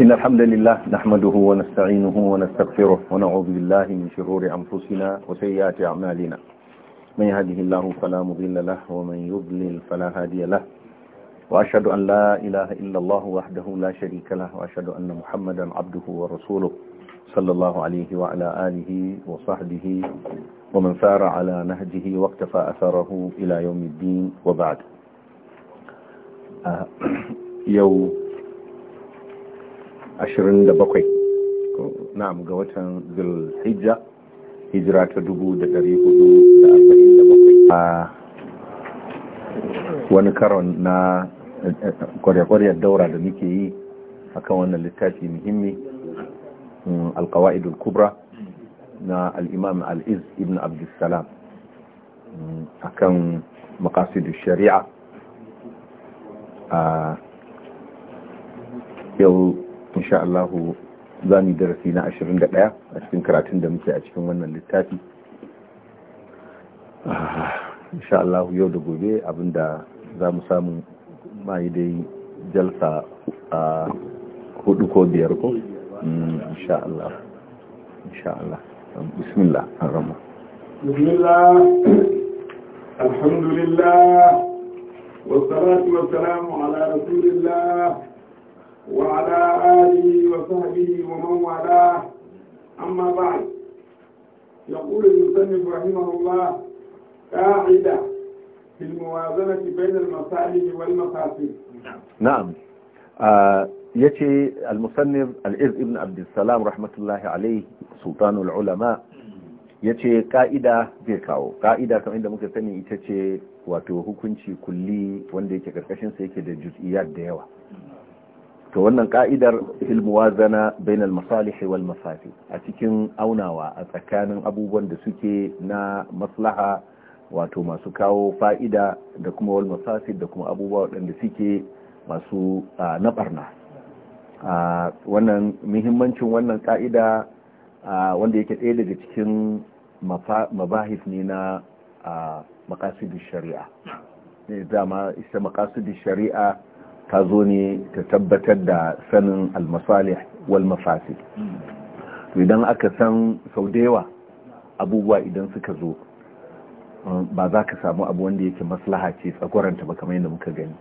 إن الحمد لله نحمده ونستعينه ونستغفره ونعوذ بالله من شرور أنفسنا وسيئات أعمالنا من يهده الله فلا مضل له ومن يضلل فلا هادي له وأشهد أن لا إله إلا الله وحده لا شريك له وأشهد أن محمدا عبده ورسوله صلى الله عليه وعلى آله وصحبه ومن سار على نهجه واقتفى أثره إلى يوم الدين وبعد يوم 27 na'am ga watan hijja. hijira ta 447 a wani karon na kwarya-kwaryar daura da muke yi akan wannan littafi muhimmi mm, alkawa'idul kubra na al'imam al'iz ibn abdulsalam mm, akan makasidu shari'a a yau insha Allah za mu darasi na 21 a cikin karatun da muke a cikin wannan littafi ah, insha Allah yau da gobe abinda za mu samu mai dai jalsa a hudu ko biyar ko hmm, insha Allah insha Allah bismillah arama bismillah alhamdulillah والصلاة والسلام على رسول الله وعلى آله وصحبه ومن والاه أما بعد يقول المصنف رحمه الله قاعدة في الموازنة بين المصالح والمفاسد نعم يتي المصنف الإز ابن عبد السلام رحمة الله عليه سلطان العلماء yace ka'ida zai kawo ka'ida kamar inda muka sani ita ce wato hukunci kulli wanda yake karkashin sa yake da juz'iyat da yawa to wannan ka'idar ilmuwazana bainal masalih wal a cikin aunawa a tsakanin abubuwan da suke na maslaha wato masu kawo fa'ida da kuma wal mafasid da kuma abubuwa waɗanda suke masu na barna wannan muhimmancin wannan ka'ida wanda yake ɗaya daga cikin mabahis ne na makasudin shari'a zama isa makasidin shari'a ta zo ne ta tabbatar da sanin almasalih wal mafasi idan aka san sau da yawa abubuwa idan suka zo um, ba za ka samu abu wanda yake maslaha ce tsagoranta ba kamar yadda muka gani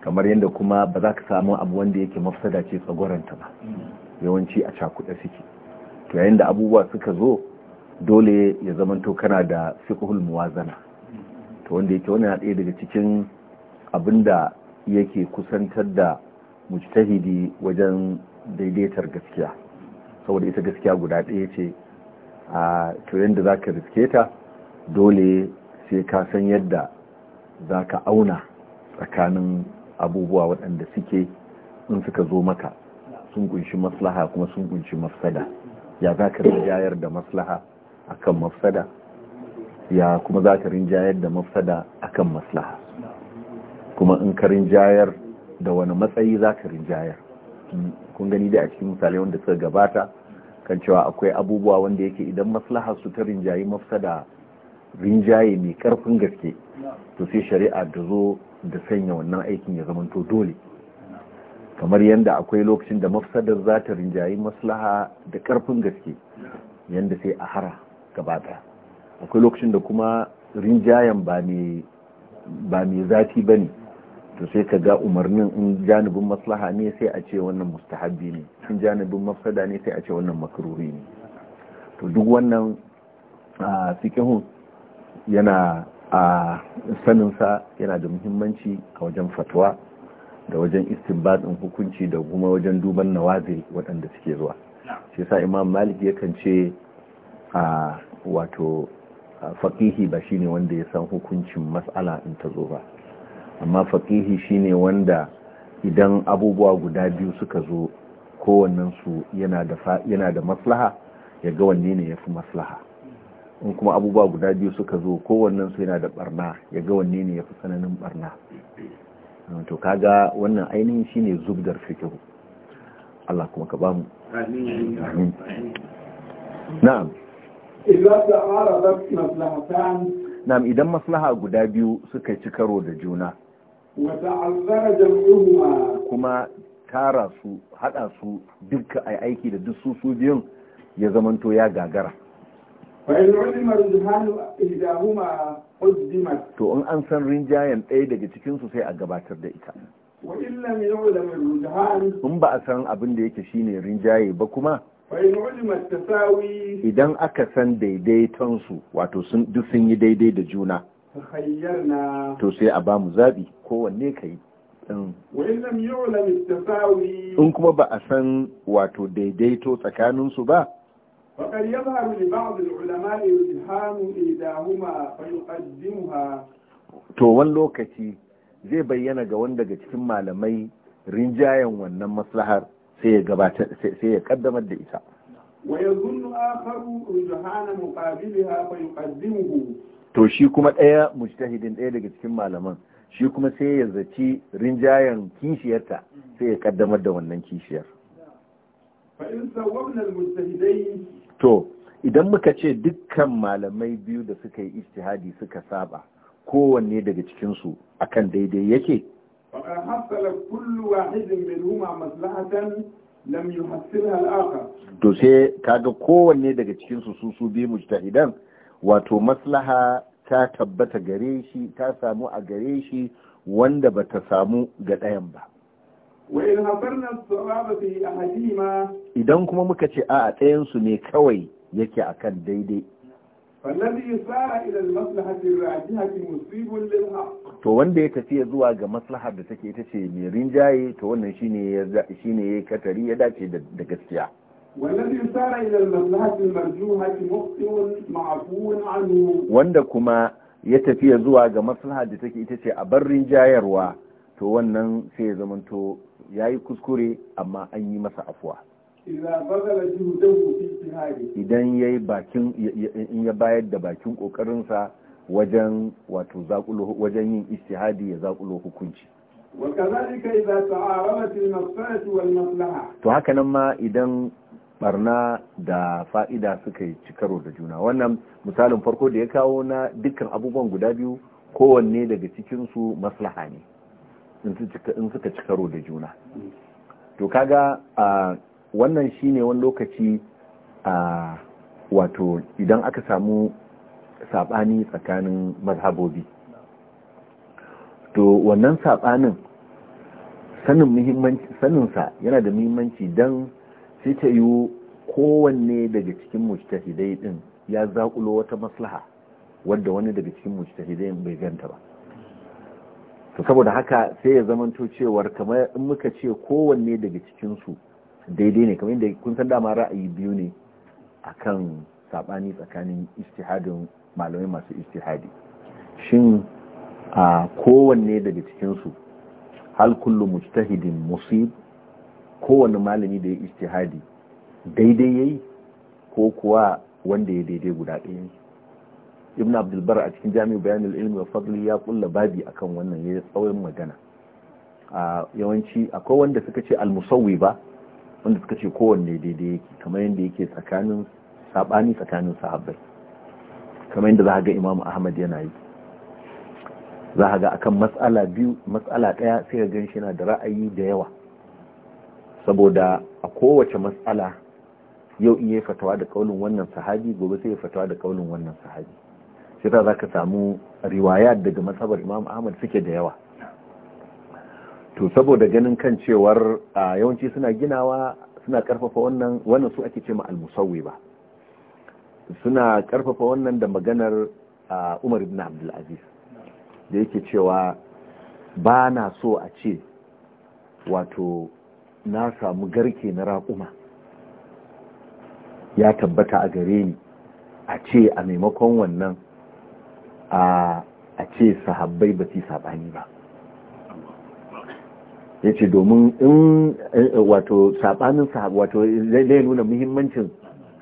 kamar yadda kuma ba za ka samu abu wanda yake mafsada ce tsagoranta ba yawanci a cakuɗa suke to yayin da abubuwa suka zo dole ya zamanto kana da fiqhul muwazana to wanda yake wani na ɗaya daga cikin abinda yake kusantar da mujtahidi wajen daidaitar gaskiya saboda ita gaskiya guda ɗaya ce a turin da za ka riske ta dole sai ka san yadda za ka auna tsakanin abubuwa waɗanda suke in suka zo maka sun kunshi maslaha kuma sun kunshi mafsada ya za ka rinjayar da maslaha akan mafsada ya kuma za ka rinjayar da mafsada akan maslaha kuma in ka rinjayar da wani matsayi za ka rinjayar kun gani da a cikin misali wanda suka gabata kan cewa akwai abubuwa wanda yake idan maslaha su ta rinjayi da rinjaye mai karfin gaske to sai shari'a da zo da sanya wannan aikin ya zamanto dole kamar yadda akwai lokacin da mafsadar za ta rinjayi maslaha da karfin gaske yadda sai a hara gabata akwai lokacin da kuma rinjayen ba mai zafi ba ne to sai ka ga umarnin in janibin maslaha ne sai a ce wannan mustahabbi ne in janibin mafsada ne sai a ce wannan makaruri ne to duk wannan fikihun yana a saninsa yana da muhimmanci a wajen fatwa da wajen istinbadin hukunci da kuma wajen duban nawazir waɗanda suke zuwa shi yasa imam malik yakan ce a wato faqihi ba shine wanda ya san hukuncin mas'ala in ta zo ba amma faƙihi shine wanda idan abubuwa guda biyu suka zo kowannensu yana da maslaha ya ga wanne ne ya fi maslaha in kuma abubuwa guda biyu suka zo kowannensu yana da barna ya ga wanne ne ya fi tsananin barna to kaga wannan ainihin shine zubdar fikihu Allah kuma ka bamu na'am na'am idan maslaha guda biyu suka ci karo da juna kuma tara su hada su duka a aiki da duk su biyun ya zamanto ya gagara to in an san rinjayen ɗaya daga cikinsu sai a gabatar da ita in ba a san abin da yake shine rinjaye ba kuma idan aka san daidaiton su wato duk sun yi daidai da juna to sai a ba mu zaɓi kowanne ka yi in kuma ba a san wato daidaito tsakaninsu ba فقد يظهر لبعض العلماء إلهام إحداهما فيقدمها to wani lokaci zai bayyana ga wanda daga cikin malamai rinjayen wannan maslahar sai ya gabatar sai ya kaddamar da ita wa yazunnu akharu rujhana muqabilaha fa yuqaddimuhu to shi kuma ɗaya mujtahidin ɗaya daga cikin malaman shi kuma sai ya zaci rinjayen kishiyarta sai ya kaddamar da wannan kishiyar to idan muka ce dukkan malamai biyu da suka yi istihadi suka saba kowanne daga cikinsu akan daidai yake to sai kaga kowanne daga cikinsu su su biyu mujtahidan wato maslaha ta tabbata gare shi ta samu a gare shi wanda ba ta samu ga ɗayan ba idan kuma muka ce a ɗayansu ne kawai yake kan daidai to wanda ya tafiya zuwa ga maslahar da take ita ce mai rinjaye to wannan shine ya katari ya dace da gaskiya والذي سار إلى المصلحة المرجوحة مخطئ معفو عنه wanda kuma ya tafiya zuwa ga maslaha da take ita ce a barrin jayarwa to wannan sai ya zamanto ya yi kuskure amma an yi masa afuwa idan ya bakin in ya bayar da bakin kokarinsa wajen wato zakulo wajen yin istihadi ya zakulo hukunci وكذلك إذا تعارضت المصلحة والمصلحة. تو هكذا ma إذا barna da fa'ida suka yi cikaro da juna wannan misalin farko da ya kawo na dukkan abubuwan guda biyu kowanne daga cikinsu maslaha ne in suka cikaro da juna to kaga wannan shine wani lokaci wato idan aka samu saɓani tsakanin mazhabobi to wannan saɓanin sanin muhimmanci saninsa yana da muhimmanci don sai ta yi kowanne daga cikin mujtahidai din ya zakulo wata maslaha wadda wani daga cikin mujtahidai bai ganta ba to saboda haka sai ya zamanto cewar kamar in muka ce kowanne daga cikin su daidai ne kamar inda kun san dama ra'ayi biyu ne akan sabani tsakanin ijtihadin malamai masu ijtihadi shin a kowanne daga cikin su hal kullu mujtahidin musib kowane malami da ya istihadi daidai yayi ko kuwa wanda ya daidai guda ɗaya ne ibn abdulbar a cikin jami'in bayanin ilmi wa fadli ya kulla babi akan wannan ya tsawon magana a yawanci akwai wanda suka ce almusawwi ba wanda suka ce kowanne daidai yake kamar yadda yake tsakanin sabani tsakanin sahabbai kamar yadda za ga imamu ahmad yana yi za ga akan matsala biyu matsala ɗaya sai ga ganshi na da ra'ayi da yawa saboda a kowace matsala yau iya fatawa da kaulin wannan sahabi gobe sai ya fatawa da kaulin wannan sahabi sai ta zaka samu riwaya daga matsabar Imam Ahmad suke da yawa to saboda ganin kan cewar yawanci suna ginawa suna karfafa wannan wannan su ake ma al ba, suna karfafa wannan da maganar Umar ibn Abdul Aziz da yake cewa ba na so a ce wato na samu garke na raƙuma ya tabbata a gare ni a ce a maimakon wannan a ce sahabbai ba su saɓani ba ya ce domin in eh, wato saɓanin sahabbai wato zai nuna muhimmancin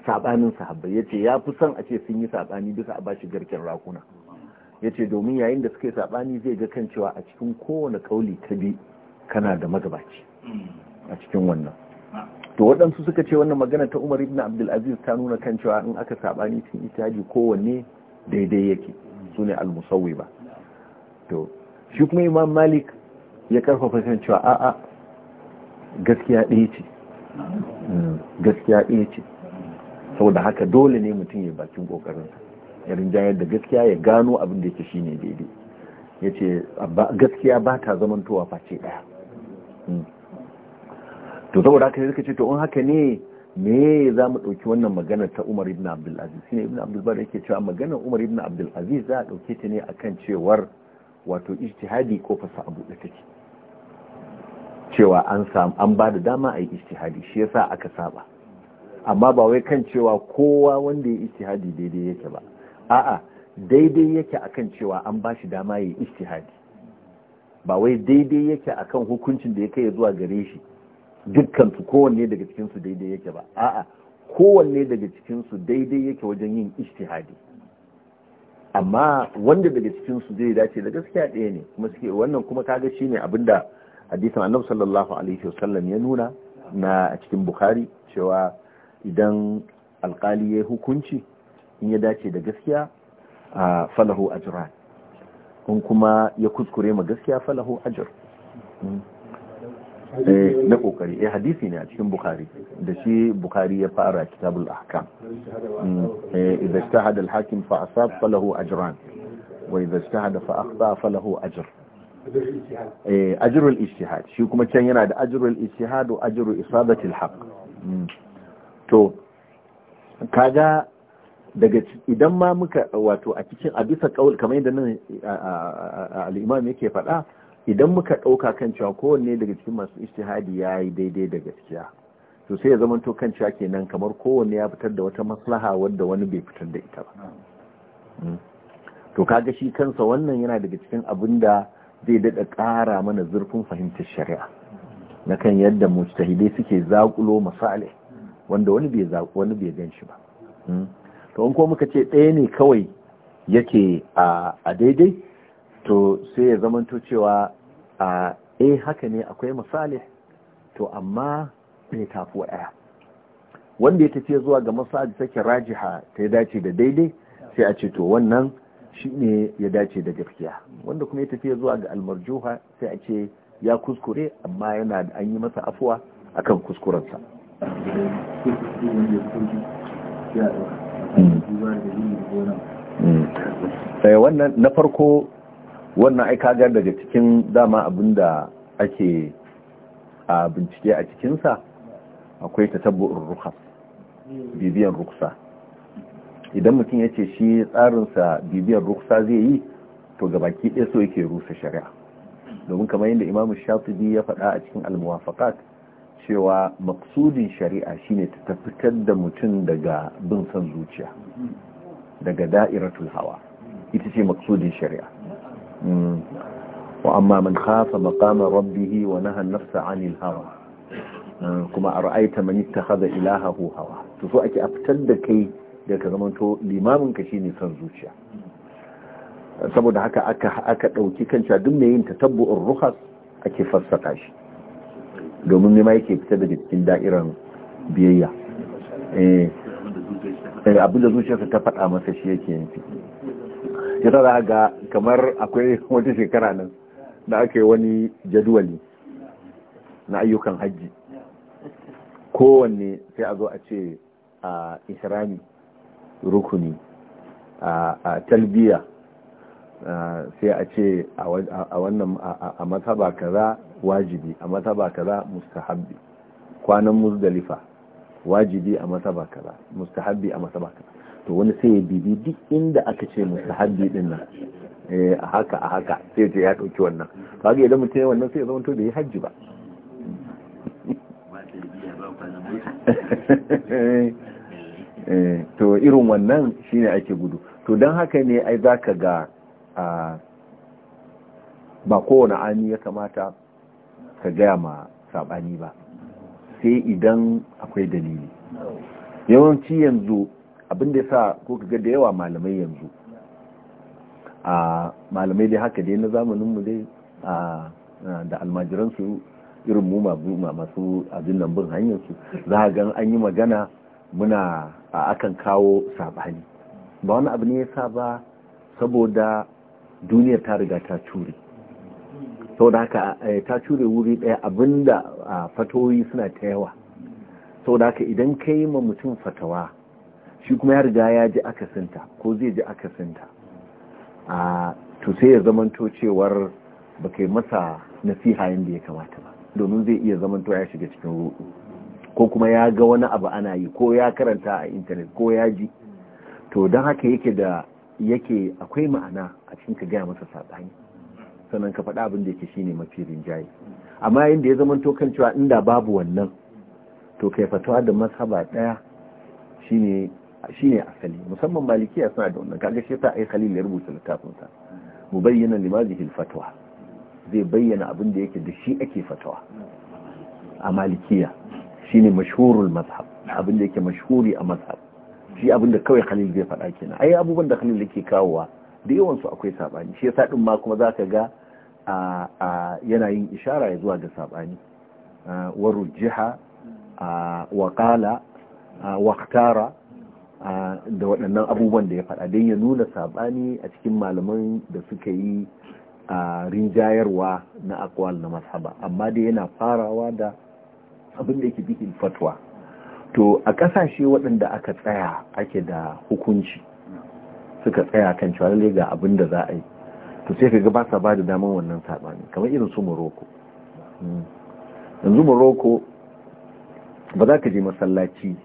saɓanin sahabbai ya ce ya fi son a ce sun yi sabani bisa a bashi garken rakuna ya ce domin yayin da suka yi saɓani zai ga kan cewa a cikin kowane kauli ta bi kana da magabaci a cikin wannan to waɗansu suka ce wannan magana ta umar ibn abdulaziz ta nuna kan cewa in aka saɓani cikin itaji kowanne daidai yake su ne almusawwi ba to shi kuma imam malik ya karfafa kan cewa a gaskiya ɗaya ce mm, gaskiya ɗaya ce saboda haka dole ne mutum ya bakin ƙoƙarinsa ya rinjayar da gaskiya ya gano abin da yake shine daidai ya ce gaskiya ba ta zamantowa face ɗaya mm. to saboda haka ne suka ce to in haka ne me za mu ɗauki wannan magana ta umar ibn abdulaziz shine ibn abdulbar yake cewa maganar umar ibn abdulaziz za a ɗauke ta ne akan cewar wato ijtihadi ko fasa abu da take cewa an samu an ba da dama a yi ijtihadi shi yasa aka saba amma ba wai kan cewa kowa wanda ya ijtihadi daidai yake ba a'a daidai yake akan cewa an bashi dama ya yi ijtihadi ba wai daidai yake akan hukuncin da ya kai zuwa gare shi dukkan su kowanne daga cikin su daidai yake ba a'a kowanne daga cikin su daidai yake wajen yin ijtihadi amma wanda daga cikin su zai dace da gaskiya ɗaya ne kuma suke wannan kuma kaga shine abinda hadisin annabi sallallahu alaihi wasallam ya nuna na cikin bukhari cewa idan alkali ya hukunci in ya dace da gaskiya a falahu ajran in kuma ya kuskure ma gaskiya falahu ajr hmm. Eh, na kokari eh hadisi ne a cikin bukhari da shi bukhari ya fara kitabul ahkam mm, eh idza ijtahada al hakim fa asab falahu ajran wa idza ijtahada fa akhta falahu ajr eh ajrul ijtihad shi kuma can yana da ajrul ijtihad wa ajru isabati al haqq mm. to kaga daga idan ma muka wato a cikin abisa bisa kaul kamar yadda nan al-imam yake faɗa idan muka ɗauka kan cewa kowanne daga cikin masu istihadi ya yi daidai da gaskiya to sai ya zama to kan cewa kenan kamar kowanne ya fitar da wata maslaha wadda wani bai fitar da ita ba hmm. to kaga shi kansa wannan yana daga cikin abin da zai daɗa ƙara mana zurfin fahimtar shari'a na kan yadda mujtahidai suke zaƙulo masale wanda wani bai wani bai gan shi ba hmm. to in ko muka ce ɗaya ne kawai yake a daidai to sai ya zamanto cewa a eh haka ne akwai masalih to amma bai tafi ɗaya wanda ya tafi zuwa ga masalih take rajiha ta ya dace da daidai sai a ce to wannan shi ne ya dace da gaskiya wanda kuma ya tafi zuwa ga almarjuha sai a ce ya kuskure amma yana da an yi masa afuwa akan kuskurensa hmm. eh, wannan na farko wannan ai gan daga cikin dama abinda ake a bincike a cikinsa akwai ta ruha bibiyan ruksa idan mutum ya ce shi tsarinsa bibiyan ruksa zai yi to ga baki ɗaya so yake rusa shari'a domin kamar yadda imam shafi'i ya faɗa a cikin al-muwafaqat cewa maksudin shari'a shine ta fitar da mutum daga bin son zuciya daga da'iratul hawa ita ce maksudin shari'a wa amma man khafa maqama rabbihi wa naha nafsa 'anil hawa kuma ara'aita man ittakhadha ilahahu hawa to so ake aftar da kai da ka zamanto limamin ka shine son zuciya saboda haka aka aka dauki kanta duk mai yin tatabbu'ur ruhas ake fassaka shi domin ne ma yake fita daga cikin da'iran biyayya eh abinda zuciyarsa ta faɗa masa shi yake yanki ya sa za ga kamar akwai wata shekara nan da aka yi wani jadwali na ayyukan hajji kowanne sai a zo a ce a ihrami rukuni a talbiya sai a ce a wannan a mazhaba kaza wajibi a mazhaba kaza mustahabbi kwanan muzdalifa wajibi a mazhaba kaza mustahabbi a mazhaba kaza to wani sai ya bibi duk inda aka ce haddi din nan eh, a haka a haka sai ya ya dauki wannan to haka idan mutum wannan sai ya zama to da ya hajji ba eh, to irin wannan shine ake gudu to don haka ne ai zaka ga ba kowane ani ya kamata ka gaya ma sabani ba sai idan akwai dalili yawanci yanzu abin da sa ko kaga da yawa malamai yanzu a malamai dai haka dai na zamanin mu dai a da almajiran irin mu masu abin nan bin hanyar su za ga an yi magana muna a akan kawo sabani ba wani abu ne yasa ba saboda duniyar ta riga ta cure saboda haka ta cure wuri daya abinda fatoyi suna ta yawa saboda haka idan ka yi ma mutum fatawa shi kuma ya riga ya ji akasinta ko zai ji akasinta a to sai ya zamanto cewar ba kai masa nasiha yadda ya kamata ba domin zai iya zamanto ya shiga cikin ruɗu ko kuma ya ga wani abu ana yi ko ya karanta a intanet ko ya ji to don haka yake da yake akwai ma'ana a cikin ka gaya masa saɓani sannan ka faɗa abin da yake shine mafi rinjaye amma yayin da ya zamanto kan cewa inda babu wannan to kai fatawa da mazhaba ɗaya shine shine asali musamman malikiya suna da wannan kaga shi ta ai khalil ya rubuta littafin sa mubayyana limazihi fatwa zai bayyana abin da yake da shi ake fatwa a malikiya shine mashhurul mazhab abin da yake mashhuri a mazhab shi abin da kawai khalil zai faɗa kenan ai abubuwan da khalil yake kawowa da yawan su akwai sabani shi yasa din ma kuma zaka ga a yana yin ishara ya zuwa ga sabani wa rujjiha wa qala wa ikhtara da waɗannan abubuwan da ya faɗa don ya nuna saɓani a cikin malaman da suka yi a rinjayarwa na akwal na mashaba amma dai yana farawa da abin da yake bikin fatwa to a ƙasashe waɗanda aka tsaya ake da hukunci suka tsaya kan cewa lalle ga abin da za a yi to sai ka ba sa ba da daman wannan saɓani kamar irin su moroko hmm. yanzu moroko ba za ka je masallaci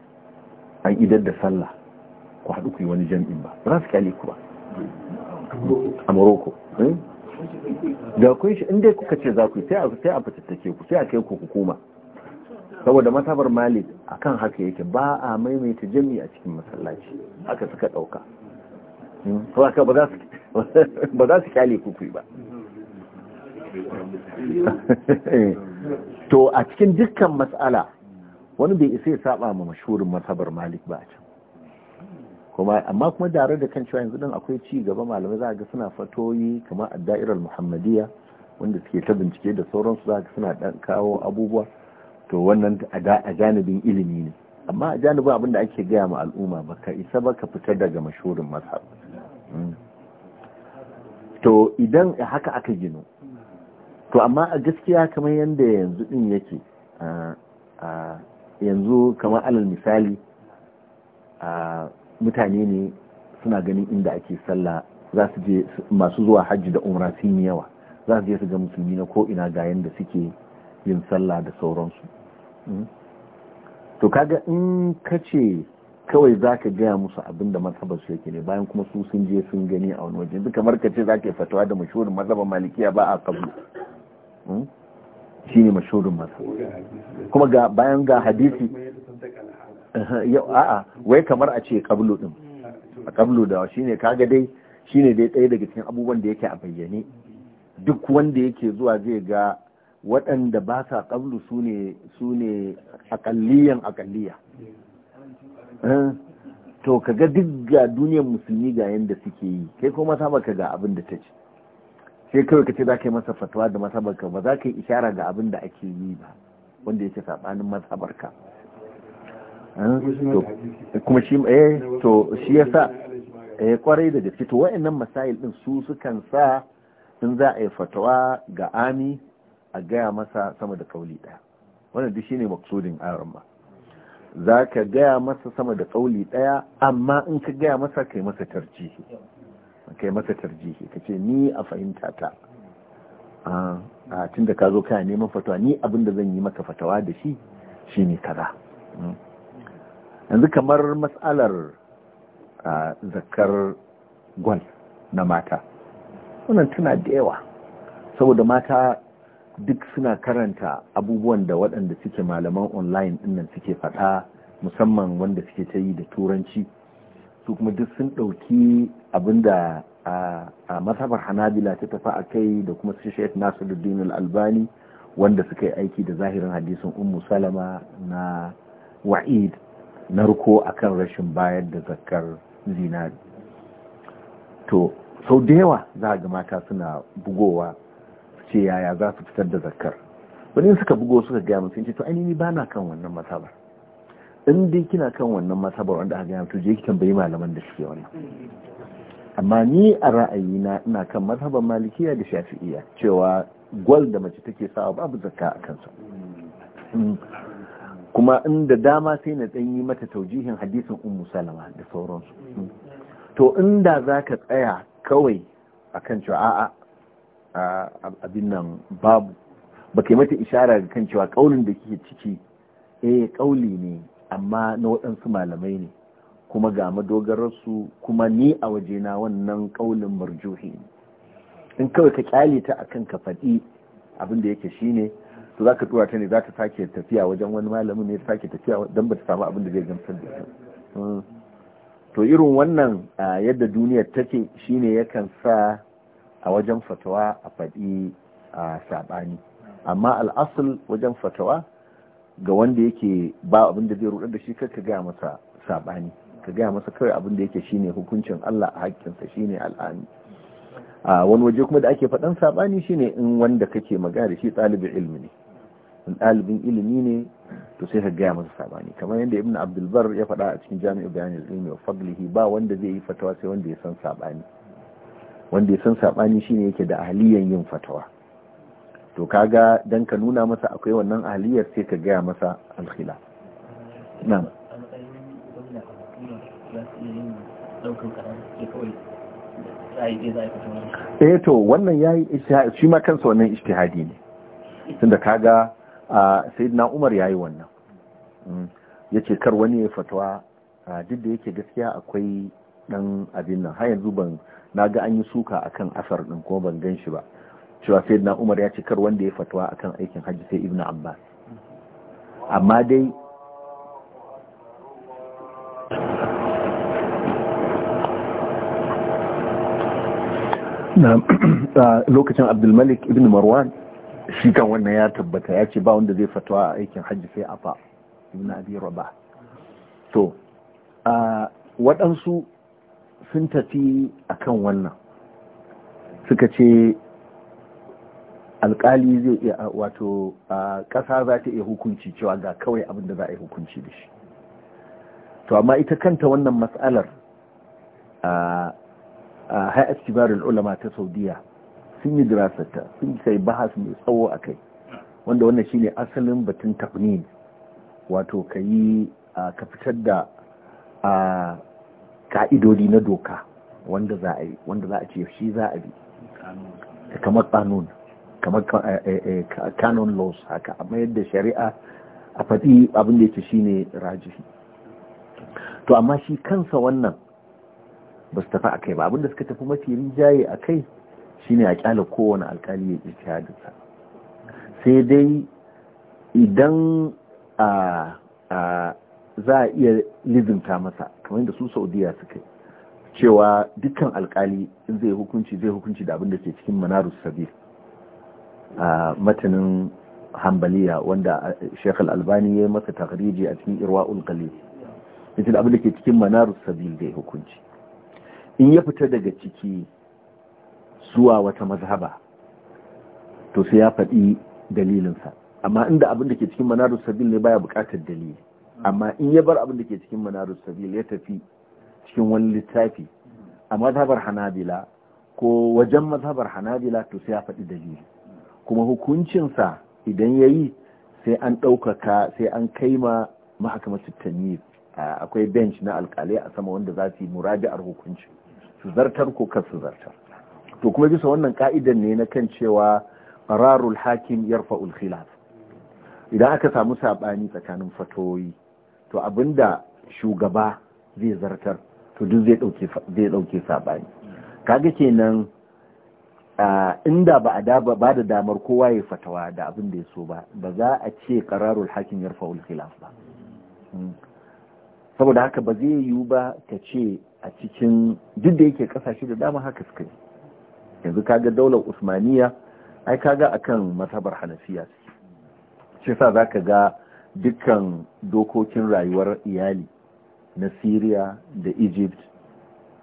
an idar da sallah ku haɗu ku yi wani jam'in ba ba za su kyale ku ba a morocco eh? da kun shi inda kuka ce za ku yi sai a fitattake ku sai a kai ku hukuma saboda matabar malik akan haka yake ba a maimaita jami a cikin masallaci haka suka ɗauka hmm? ba za su kyale ku ba to a cikin dukkan matsala wani bai isa ya saba ma mashurin matabar malik ba a kuma amma kuma tare da kan cewa yanzu din akwai ci gaba malamai za ga suna fatoyi kamar adda'irar muhammadiyya wanda suke ta bincike da sauransu za ga suna dan kawo abubuwa to wannan a janibin ilimi ne amma a janibin abin da ake gaya ma al'umma ba ka isa ba ka fitar daga mashurin mazhab hmm. to idan haka aka gino to amma a gaskiya kamar yadda yanzu din yake yanzu kamar alal misali a mutane ne suna ganin inda ake sallah za su je masu zuwa hajji da umra sun yi yawa za su je su ga musulmi na ko ina ga yanda suke yin sallah da sauransu hmm? to kaga in ka ce kawai za ka gaya musu abin da su yake ne bayan kuma su sun je sun gani a wani waje duk kamar ka ce za ka yi fatawa da mashurin mazhabar malikiya ba a kabu hmm? shi ne mashurin mazhabar kuma ga bayan ga hadisi a'a wai kamar a ce kablo din a kablo da shine kaga dai shine dai ɗaya daga cikin abubuwan da yake a bayyane duk wanda yake zuwa zai ga waɗanda ba sa kablu su ne su ne akalliyan akalliya eh, to kaga duk ga duniyar musulmi ga yanda suke yi kai kuma saba baka ga abin da ta ce sai kawai ka ce za ka yi masa fatawa da masabarka ba za ka yi ishara ga abin da ake yi ba wanda yake saɓanin masabarka kuma shi eh to shi yasa eh kwarai da gaske to wayannan masail din su sukan sa in za a yi fatawa ga ami a gaya masa sama da kauli daya wannan duk shine maksudin ayarin ba za ka gaya masa sama da kauli daya amma in ka gaya masa kai masa tarjihi kai masa tarjihi kace ni a fahimta ta a tun ka zo kaya neman fatawa ni abin da zan yi maka fatawa da shi shine kaza hmm. yanzu kamar matsalar zakar gwal na mata wannan tana da yawa saboda mata duk suna karanta abubuwan da waɗanda suke malaman online ɗinnan suke faɗa musamman wanda suke ta yi da turanci su kuma duk sun ɗauki abinda a masafar hanabila ta tafi a kai da kuma su shaif nasiruddin al-albani wanda suka yi aiki da zahirin hadisin ummu salama na wa'id narko kan rashin bayar da zakar zinari to sau da yawa za a ga mata suna bugowa ce yaya za su fitar da zakar wani suka bugo suka gaya musu ce to ainihi ba na kan wannan matsabar.' in dai kina kan wannan matsabar wanda aka gaya to je ki tambayi malaman da suke wannan amma ni a ra'ayina ina kan matsabar malikiya da shafi'iya cewa gwal da mace take sawa babu zakka a kansa kuma inda dama sai na tsanyi mata taujihin hadisin ummu salama da sauransu to inda za ka tsaya kawai a kan cewa a'a abin nan babu ba yi mata ishara ga kan cewa ƙaunin da kike ciki e ƙauli ne amma na waɗansu malamai ne kuma ga madogararsu kuma ni a wajena wannan ƙaunin marjuhi ne in kawai ka ƙyale ta akan ka faɗi abin da yake shine to za ka tura ta ne za ta sake tafiya wajen wani malamin ne sake tafiya don ba ta samu abin da zai gamsar da ta hmm. to irin wannan yadda duniyar take shine yakan sa a wajen fatawa a faɗi a saɓani amma al'asul wajen fatawa ga wanda yake ba abin da zai rudar da shi kar ka gaya masa saɓani ka gaya masa kawai abin da yake shine hukuncin Allah a hakkinsa shine al'ani a wani waje kuma da ake faɗan saɓani shine in wanda kake magana da shi ɗalibin ilmi ne in ɗalibin ilimi ne to sai ka gaya masa sabani kamar yadda ibn abdulbar ya faɗa a cikin jami'ar bayanin ilmi wa fadlihi ba wanda zai yi fatawa sai wanda ya san sabani wanda ya san sabani shine yake da ahliyan yin fatawa to kaga dan ka nuna masa akwai wannan ahliyar sai ka gaya masa alkhila na'am eh to wannan yayi shi ma kansa wannan ijtihadi ne tunda kaga a sayyidina umar ya yi wannan mm. yace kar wani ya fatwa duk da yake gaskiya akwai dan abin nan har yanzu ban naga an yi suka akan asar din kuma ban gan shi ba cewa sayyidina umar ya ce kar wanda ya fatwa akan aikin hajji sai ibnu abbas amma dai lokacin abdulmalik ibn marwan shi kan wannan ya tabbata ya ce ba wanda zai fatuwa a aikin hajji sai a fa ibn abi ba. to a waɗansu sun tafi akan wannan suka ce alkali zai iya wato ƙasa za ta iya hukunci cewa ga kawai abin da za a yi hukunci da shi to amma ita kanta wannan matsalar a haifar kibarar ulama ta saudiya sun yi dirasarta sun sai bahas mai tsawo a kai wanda wannan shine asalin batun tafnin wato ka yi ka fitar da ka'idodi na doka wanda za a yi wanda za a ce shi za a bi kamar kanun kamar kanun eh, eh, eh, laws haka amma yadda shari'a a faɗi abin da yake shine rajihi to amma shi kansa wannan ba su tafi a kai ba abinda suka tafi mafi rinjaye a kai shine a kyala kowane alkali ya ijtihadinsa sai dai idan a za a iya lizinta masa kamar da su saudiya suka yi cewa dukkan alkali zai hukunci zai hukunci da abin da ke cikin manarus sabir, a matanin hambaliya wanda shekhal albani ya yi masa takariji a cikin irwa'ul ce da abin da ke cikin manarus sabir zai hukunci in ya fita daga ciki zuwa wata mazhaba to sai ya faɗi dalilinsa amma inda abin da ke cikin manarus sabil ne baya buƙatar dalili amma in ya bar abin da ke cikin manarus sabil ya tafi cikin wani littafi a mazhabar hanabila ko wajen mazhabar hanabila to sai ya faɗi dalili kuma hukuncinsa idan ya yi sai an ɗaukaka sai an kai ma mahakamacin tanir akwai bench na alkalai a sama wanda za su yi murabi'ar hukunci su zartar ko kar su zartar to kuma bisa wannan ka'idan ne na kan cewa qararul hakim yarfa'ul khilaf idan aka samu saɓani tsakanin fatoyi to abinda shugaba zai zartar to duk zai dauke zai dauke sabani kaga kenan inda ba a ba da damar kowa ya fatawa da abin da ya so ba ba za a ce qararul hakim yarfa'ul khilaf ba hmm. saboda haka ba zai yiwu ba ka ce a cikin duk da yake kasashe da dama haka suka yi yanzu kaga daular usmaniya ai kaga akan mazhabar hanafiya shi sa zaka ga dukkan dokokin rayuwar iyali na Syria da Egypt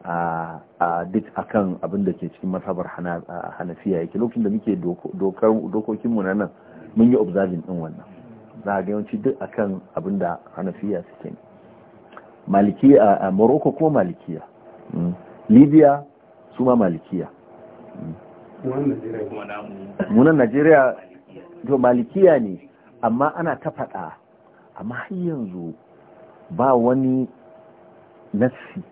a duk akan abin da ke cikin mazhabar hanafiya yake lokacin da muke dokokin mu nan mun yi observing din wannan za ga yawanci duk akan abin da hanafiya suke ke. malikiya a Morocco ko malikiya hmm. Libya su ma malikiya munan najeriya to malikiya ne amma ana ta faɗa amma har yanzu ba wani nassi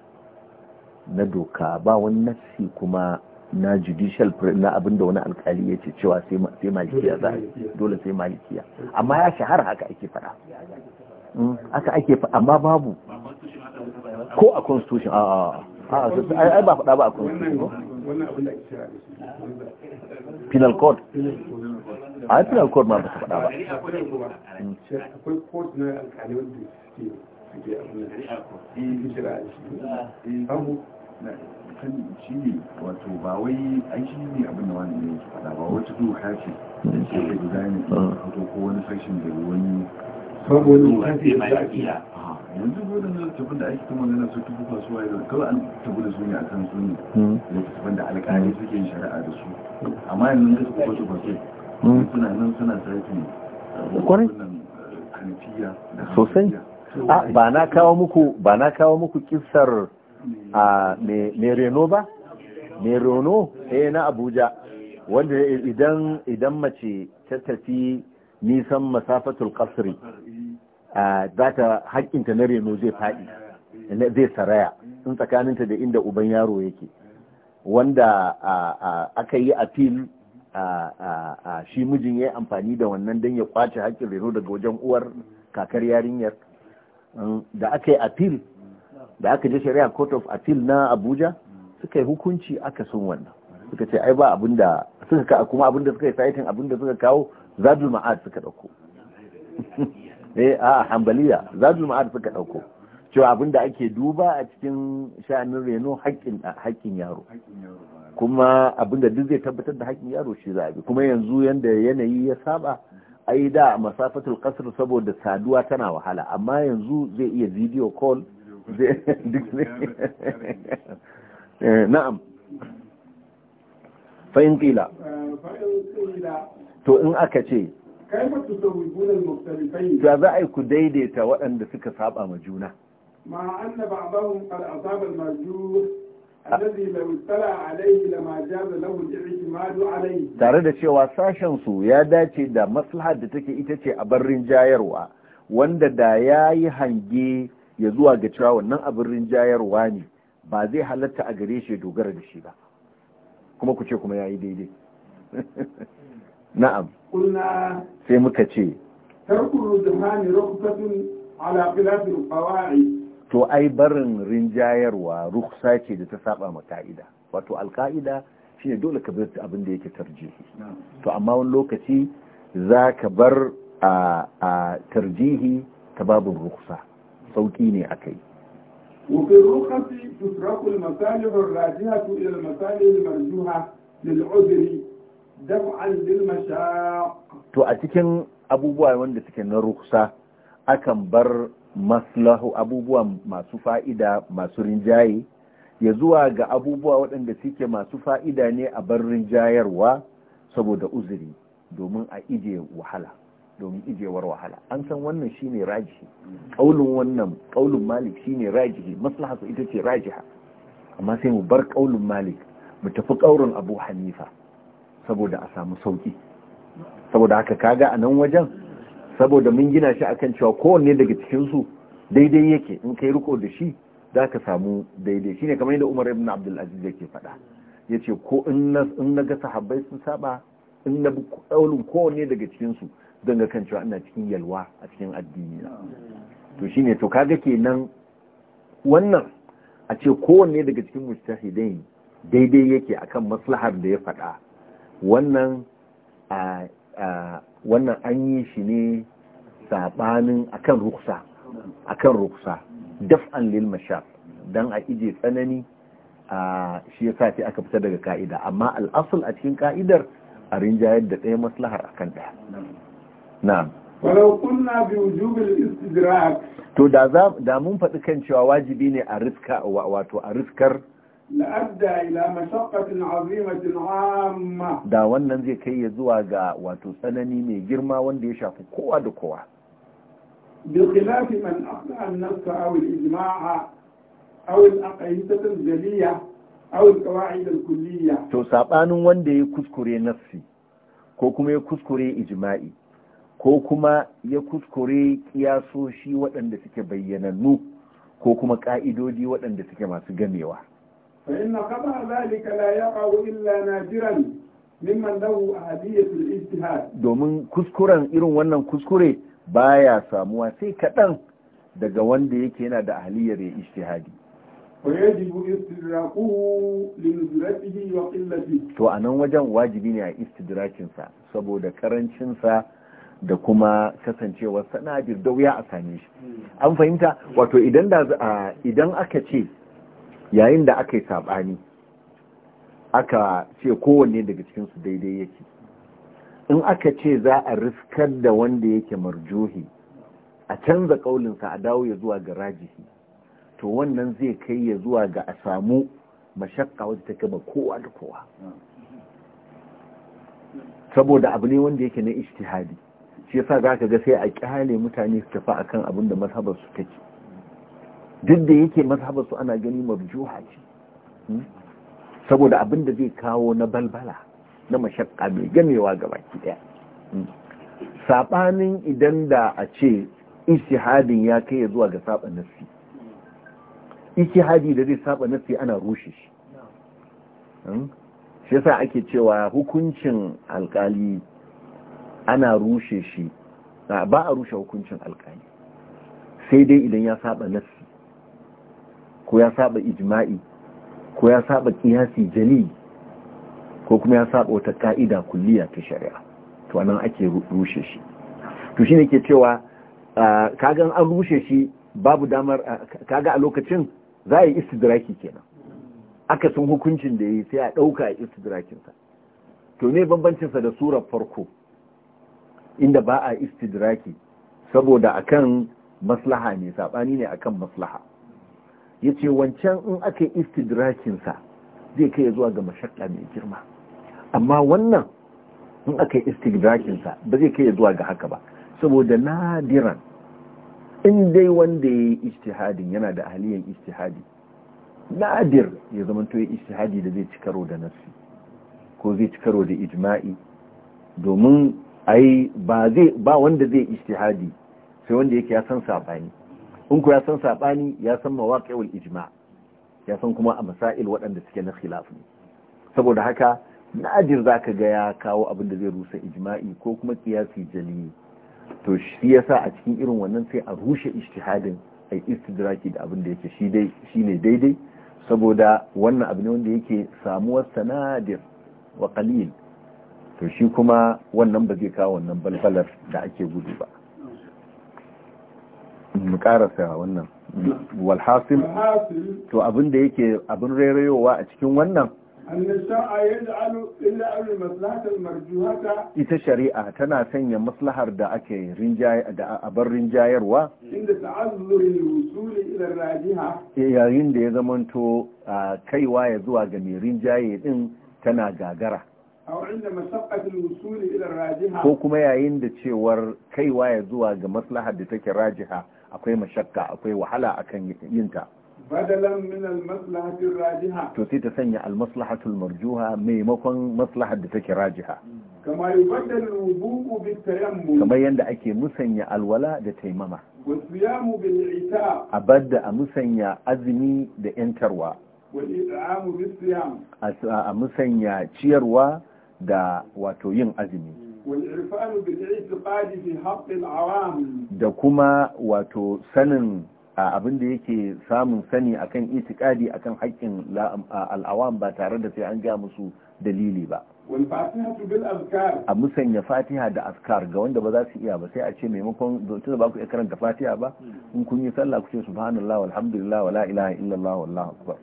na doka ba wani nassi kuma na judicial na abinda wani alkali ya ce cewa sai malikiya za dole sai malikiya amma ya shahara haka ake faɗa haka ake faɗa amma babu ko a constitution a a ai ba faɗa ba a constitution penal code a penal code ma ba ta faɗa ba akwai na wanda abin da shi ne wato ba wai an shi ne abin da wani ne faɗa ba wata doka ce da da mm. ko wani fashin da wani wani yanzu gudun da tafi da ake kuma nuna su tafi kasuwa yau kawai an tafi da suni a kan suni da ne tafi hmm. da alƙali suke yin shari'a da su amma yanzu da su kwace kwace hmm. suna nan suna sarkin eh, kwarai eh, sosai ah, ba na kawo muku ba na kawo muku kissar a ah, me reno ba me reno eh na abuja wanda idan idan mace ta tafi nisan masafatul kasri za ta haƙƙinta na reno zai faɗi zai saraya sun tsakaninta da inda uban yaro yake wanda aka yi apil shi mijin ya yi amfani da wannan don ya kwace haƙƙin reno daga wajen uwar kakar yarinyar mm, da aka yi apil da aka je shari'a court of appeal na abuja suka yi hukunci aka sun wannan suka ce ai ba abinda suka kuma abinda suka yi saitin abinda suka kawo zadul ma'ad suka ɗauko eh a hambaliya zadul ma'ad suka dauko cewa abin da ake duba a cikin sha'anin reno haƙƙin yaro kuma abin da duk zai tabbatar da haƙƙin yaro shi zabi kuma yanzu yanda yanayi ya saba ai da masafatul qasr saboda saduwa tana wahala amma yanzu zai iya video call zai duk na'am fa in qila to in aka ce Ya za a yi ku daidaita waɗanda suka saba ma juna. Ma anna ba'dahum qad asaba al alladhi law tala alayhi lama jaza lahu al alayhi. Tare da cewa sashen su ya dace da maslahar da take ita ce a barrin jayarwa wanda da yayi hange ya zuwa ga cewa wannan abin rinjayarwa ne ba zai halatta a gare shi dogara da shi ba. Kuma ku ce kuma yayi daidai. na'am kulna sai muka ce tarkuru dhani rukhsatun ala qilati al to ai barin rinjayarwa rukhsa ce da ta saba ma ka'ida wato alka'ida shine dole ka bar abin da yake tarjihi to amma wani lokaci zaka bar a tarjihi ta babin rukhsa sauki ne akai وفي الرخص تترك المصالح الراجحة إلى المصالح المرجوحة للعذر to a cikin abubuwa wanda suke na ruksa akan bar maslahu abubuwa masu fa'ida masu rinjaye ya zuwa ga abubuwa waɗanda suke masu fa'ida ne a bar rinjayarwa saboda uzuri domin a ije wahala domin ijewar wahala an san wannan shi ne rajihi ƙaunin wannan ƙaunin malik shi ne rajihi maslaha ita ce rajiha amma sai mu bar ƙaunin malik mu tafi kaurin abu hanifa saboda a samu sauki saboda haka kaga a nan wajen saboda mun gina shi akan cewa kowanne daga cikinsu daidai yake in kai riko da shi za ka samu daidai Shi ne kamar yadda umar ibn abdulaziz yake faɗa ya ce ko in na ga sahabbai sun saba in na bi kowanne daga cikinsu don ga kan cewa ina cikin yalwa a cikin addini to shi ne to kaga kenan wannan a ce kowanne daga cikin mustahidai daidai yake akan maslahar da ya faɗa wannan a wannan an yi shi ne saɓanin akan ruksa akan ruksa daf'an lil mashaq dan a ije tsanani a shi yasa sai aka fita daga ka'ida amma al'asul a cikin ka'idar a rinjayar da ɗaya maslahar akan ɗaya na'am walau kunna bi wujubil istidrak to da za da mun faɗi kan cewa wajibi ne a riska wato a riskar la'adda ila da wannan zai kai ya zuwa ga wato tsanani mai girma wanda ya shafi kowa da kowa to sabanin wanda ya kuskure nafsi ko kuma ya kuskure ijma'i ko kuma ya kuskure kiyasoshi waɗanda suke bayyanannu ko kuma ƙa'idodi waɗanda suke masu gamewa فإن قطع ذلك لا يقع إلا نادرا ممن له أهدية الاجتهاد دومن كسكرا إرون ونن كسكري baya samuwa sai kaɗan daga wanda yake yana da ahliyar ya ishtihadi to a nan wajen wajibi ne a istidrakinsa saboda karancinsa da kuma kasancewar sana'ar da wuya a same shi an fahimta wato idan da idan aka ce yayin da aka yi saɓani aka ce kowanne daga cikinsu daidai yake in aka ce za a riskar da wanda yake marjohi, a canza ƙaulinsa a dawo ya zuwa ga rajihi to wannan zai kai ya zuwa ga a samu mashakka wadda ta gaba kowa da kowa saboda abu ne wanda yake na ishtihadi shi yasa za ka ga sai a kyale mutane su tafi akan abin da mazhabar su take duk da yake mazhabarsu su ana gani marjuha ce hmm? saboda abin da zai kawo na balbala na mashakka mai gamewa ga baki daya hmm? sabanin idan da a ce ishihadin ya kai ya zuwa ga saba nassi ishihadi da zai saba nassi ana rushe shi hmm? shi yasa ake cewa hukuncin alkali ana rushe shi ba a rushe hukuncin alkali sai dai idan ya saba nassi ko ya saba ijma'i ko ya saba kiyasi jali ko kuma ya saba wata ka'ida kulliya ta shari'a to nan ake rushe shi to shine ke cewa kaga an rushe shi babu damar kaga a lokacin za a yi istidraki kenan aka san hukuncin da yi sai a ɗauka istidrakinsa to ne bambancinsa da surar farko inda ba a istidraki saboda akan maslaha ne saɓani ne akan maslaha ya ce wancan in aka yi istidrakinsa zai kai zuwa ga mashakka mai girma amma wannan in aka yi istidrakinsa ba zai kai zuwa ga haka ba saboda nadiran in dai wanda ya yi istihadin yana da ahaliyan istihadi nadir ya zamanto ya istihadi da zai ci karo da nafsi ko zai ci karo da ijma'i domin ai ba wanda zai istihadi sai wanda yake ya san sabani in ku ya san saɓani ya san mawaƙiwul ijma ya san kuma a masail waɗanda suke na khilaf ne saboda haka nadir za ka ga ya kawo abin da zai rusa ijma'i ko kuma kiyasi jali to shi yasa a cikin irin wannan sai a rushe ijtihadin ai istidraki da abin da yake shi dai daidai saboda wannan abin wanda yake samuwar sanadir wa qalil to shi kuma wannan ba zai kawo wannan balbalar da ake gudu ba mu karasa wannan walhasil to abin da yake abin rairayowa a cikin wannan ita shari'a tana sanya maslahar da ake da abar rinjayarwa yayin da ya zamanto kaiwa ya zuwa ga mai rinjaye din tana gagara ko kuma yayin da cewar kaiwa ya zuwa ga maslahar da take rajiha akwai mashakka akwai wahala akan yin ta badalan min almaslahati rajiha to sai ta sanya almaslahatu almarjuha maimakon maslahar da take rajiha kama yubaddal bi tayammum kamar yanda ake musanya alwala da taimama wasiyamu bil ita abadda a musanya azumi da yantarwa wal a musanya ciyarwa da wato yin azumi da kuma wato sanin abin da yake samun sani akan itikadi akan haƙƙin al'awam ba tare da sai an ga musu dalili ba a musanya fatiha da askar ga wanda ba za su iya ba sai a ce maimakon zoce da ba ku iya karanta fatiha ba in kun yi sallah ku ce subhanallah walhamdulillah wala ilaha illallah wallahu akbar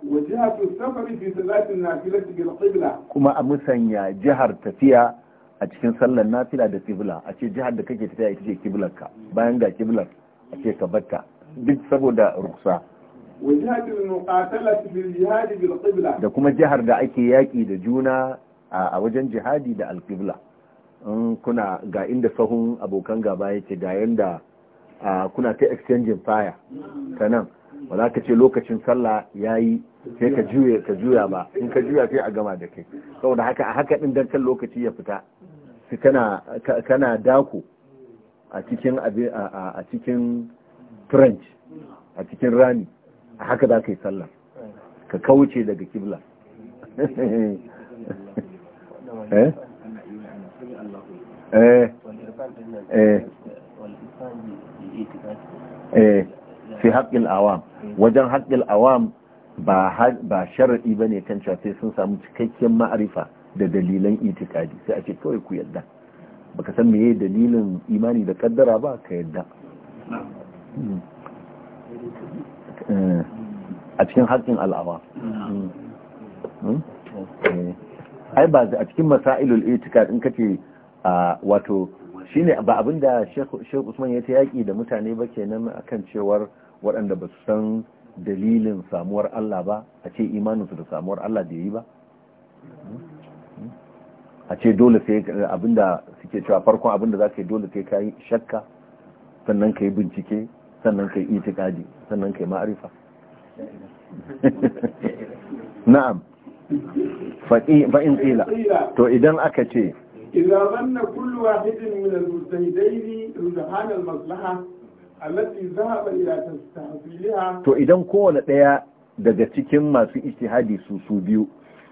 kuma a musanya jihar tafiya a cikin sallar nafila da kibla a ce jihar da kake tafiya ita ce kiblar ka bayan ga kiblar a ce ka bata duk saboda ruksa da kuma jihar da ake yaƙi da juna a wajen jihadi da alkibla kuna ga inda sahun abokan gaba yake ga yanda kuna ta exchange fire ta nan ba ka ce lokacin sallah ya yi sai ka juya ba in ka juya sai a gama da kai saboda haka a haka ɗin don kan lokaci ya fita kana kana dako a cikin a cikin french a cikin rami a haka za ka yi sallah ka kauce daga kibla eh? eh eh eh fi haƙƙin awam wajen haƙƙin awam ba sharaɗi ba ne kan cewa sai sun samu cikakken ma'arifa da dalilan itikadi sai a ce kawai ku yadda baka san meye dalilin imani da kaddara ba ka yadda eh. a cikin haƙƙin al'awa hmm. eh. ai ba a cikin masailul itikad in kace wato shine ba abinda Sheikh Usman ya ta yaki da mutane ba kenan akan cewar waɗanda ba su san dalilin samuwar Allah ba a ce imaninsu da samuwar Allah da yi ba a ce dole sai abinda suke cewa farkon abinda za ka yi dole sai ka yi shakka sannan ka yi bincike sannan ka yi itikadi sannan ka yi ma'arifa na'am fa'in tsila. to idan aka ce إذا ظن كل واحد من المجتهدين رجحان المصلحة التي ذهب إلى تستحصيلها to idan kowane ɗaya daga cikin masu ijtihadi su su biyu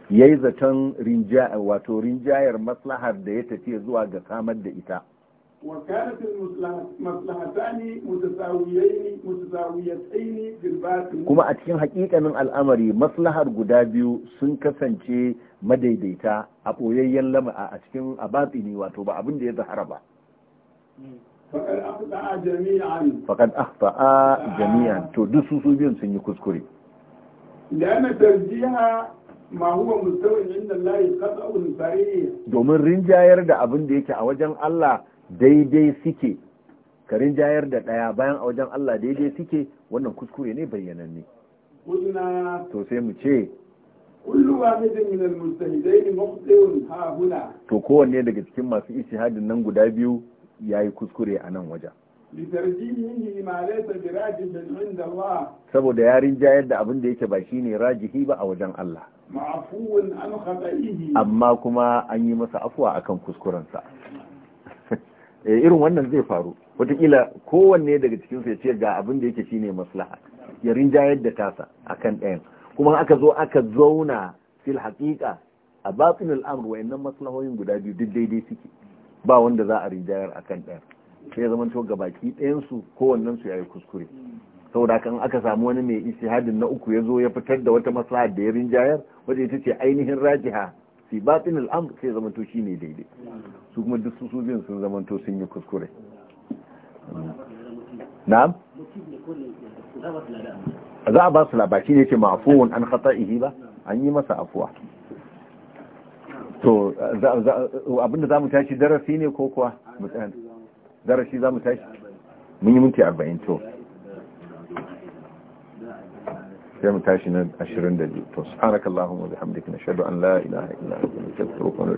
yayi zaton zaton wato rinjayar maslahar da ya tafi zuwa ga samar da ita. Kuma a cikin hakikanin al'amari maslahar guda biyu sun kasance madaidaita a ɓoyayyen lama a cikin abatini wato ba abin da ya zahara ba. Fakad ahfa'a jami'an. to duk su biyun sun yi kuskure. Lana tarjiha domin rinjayar da abin da yake a wajen Allah daidai suke ka rinjayar da ɗaya bayan a wajen Allah daidai suke wannan kuskure ne ne to sai mu ce kullu wahidin min al-mujtahidain muqtiun ha huna to kowanne daga cikin masu ishihadin nan guda biyu yayi kuskure a nan wajen saboda ya rinjayar da abin da yake ba shine ne rajihi ba a wajen Allah amma kuma an yi masa afuwa akan kuskurensa eh, irin wannan zai faru wataƙila kowanne daga cikinsu ya ce ga abin da yake shi maslaha ya rinjayar da tasa akan ɗayan kuma aka zo aka zauna fil haƙiƙa a batsinul al'amur, wayannan maslahohin guda biyu duk daidai suke ba wanda za a rinjayar akan ɗayan sai zama cewa ga baki ɗayansu kowannen su yayi kuskure saboda kan aka samu wani mai istihadin na uku ya zo ya fitar da wata maslaha da ya rinjayar wajen ita ce ainihin rajiha fi batin al'amr sai zama to shine daidai su kuma duk su biyun sun zama to sun yi kuskure na'am za a ba su labashi ne ce ma'afuwan an khata'ihi ba an yi masa afuwa to abinda za mu tashi darasi ne ko kuwa mutane darashi za mu tashi mun yi minti arba'in to sai mu tashi na ashirin da biyu to subhanakallahumma wa bihamdika nashhadu an la ilaha illa anta wa